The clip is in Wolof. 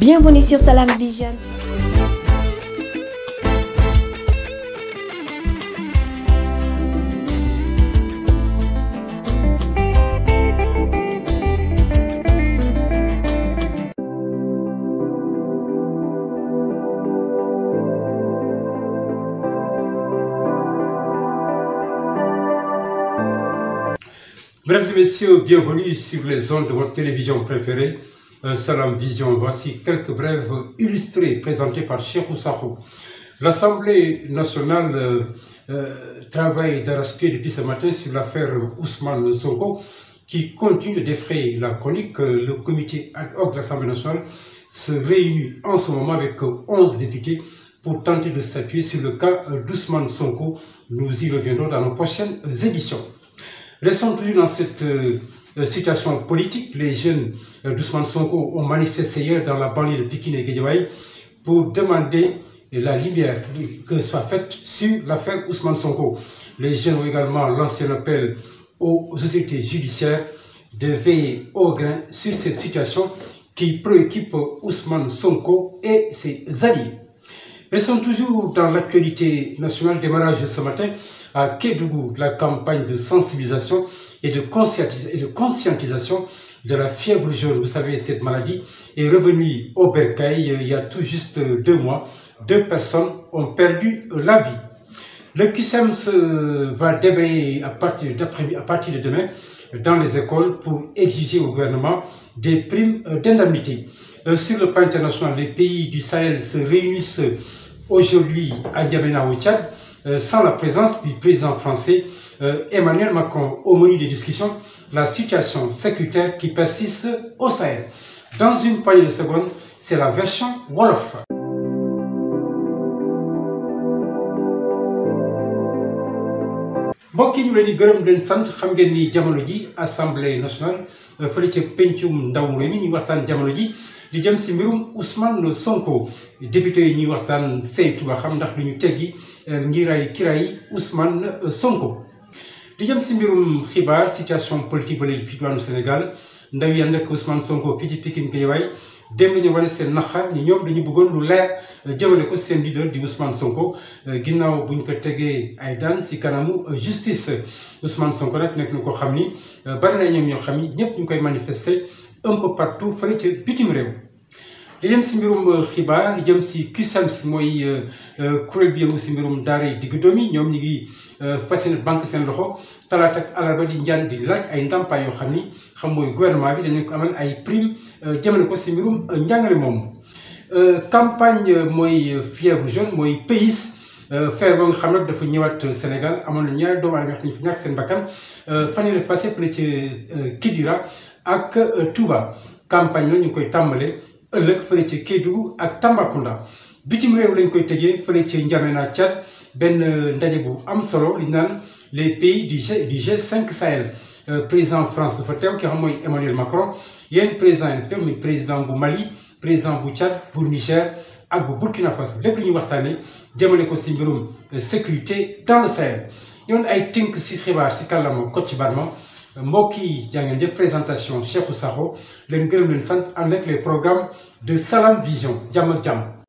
Bienvenue sur Salam Vision. Mesdames et messieurs, bienvenue sur les ondes de votre télévision préférée. Salam Vision. Voici quelques brèves illustrées présentées par Cheikh Oussahou. L'Assemblée nationale euh, euh travaille d'arrache-pied depuis ce matin sur l'affaire Ousmane Sonko qui continue d'effrayer la chronique. Le comité ad hoc de l'Assemblée nationale se réunit en ce moment avec 11 députés pour tenter de statuer sur le cas euh, d'Ousmane Sonko. Nous y reviendrons dans nos prochaines éditions. Restons toujours dans cette euh, Euh, situation politique. Les jeunes euh, d'Ousmane Sonko ont manifesté hier dans la banlieue de Pikine et Guédiawaye pour demander la lumière que soit faite sur l'affaire Ousmane Sonko. Les jeunes ont également lancé l'appel aux autorités judiciaires de veiller au grain sur cette situation qui préoccupe usman Sonko et ses alliés. Ils sont toujours dans l'actualité nationale, démarrage ce matin à Kédougou, la campagne de sensibilisation et de, et de conscientisation de la fièvre jaune. Vous savez, cette maladie est revenue au Bercail euh, il y a tout juste euh, deux mois. Deux personnes ont perdu euh, la vie. Le QSEMS e va débrayer à partir, à partir de demain dans les écoles pour exiger au gouvernement des primes d'indemnité. Sur le plan international, les pays du Sahel se réunissent aujourd'hui à Djamena au Euh, sans la présence du président français euh, Emmanuel Macron au menu des discussions la situation sécuritaire qui persiste au Sahel. Dans une poignée de secondes, c'est la version Wolof. mbokk yi ñu leen di gërëm di sant xam ngeen ni jamono ji assemblée nationale euh, fële ca pencum ndaw réew mi ñuy jamono ji di jëm si mbirum Ousmane Sonko député yi ñuy waxtaan saytu xam ndax lu ñu teggi ngiray euh, kiray Ousmane euh, Sonko. di jëm si mbirum xibaar situation politique ba léegi fii Sénégal ndaw yi ànd usman Sonko fii ci Pikine Guédiawaye démb ñu wane seen naqar ñu ñoom dañu bëggoon lu leer euh, jëmale ko seen leader di Ousmane Sonko ginnaaw bu ñu ko tegee ay daan si kanamu justice Ousmane Sonko nag nekk na ko xam ni bari na ñoom ñoo xam ni ñëpp ñu koy manifester un peu partout fële ca bitim réew. li jëm si mbirum euh, xibaar li jëm si CUSEMS mooy euh, euh, kuréel bi yëngu si mbirum daara yi diggu doom yi ñoom ñi ngi fas yéene banque seen loxo talaata ak alarba di njaan di laaj ay ndàmpaay yoo xam ni xam mooy gouvernement bi dañu ko amal ay prime jëmale ko si mbirum njàngale moomu. campagne mooy fièvre jaune mooy pays feer ba nga xam nag dafa ñëwaat Sénégal amoon na ñaari doomu aadama yoo xam ne fi ñàkk seen bakkan fanweeri fa yëpp la ca Kidira ak Touba campagne la ñu koy tàmbalee ëllëg ci ca Kédougou ak Tambacounda bitim réew lañ koy tëjee ci ca naa Tchad benn euh, ndaje bu am solo li naan les pays du G du G5 Sahel euh, président France dafa teew ki xam mooy Emmanuel Macron yéen président yéen président bu Mali président bu Tchad bu Niger ak bu Burkina Faso lépp lu ñuy waxtaanee jëmale ko si mbirum euh, sécurité dans le Sahel yoon ay tink si xibaar si ci Kocc Barma mbokk yi jaa ngeen jëf présentation Cheikhou saho leen gërëm leen sant ànd ak les programmes de Salam Vision jàmm ak jàmm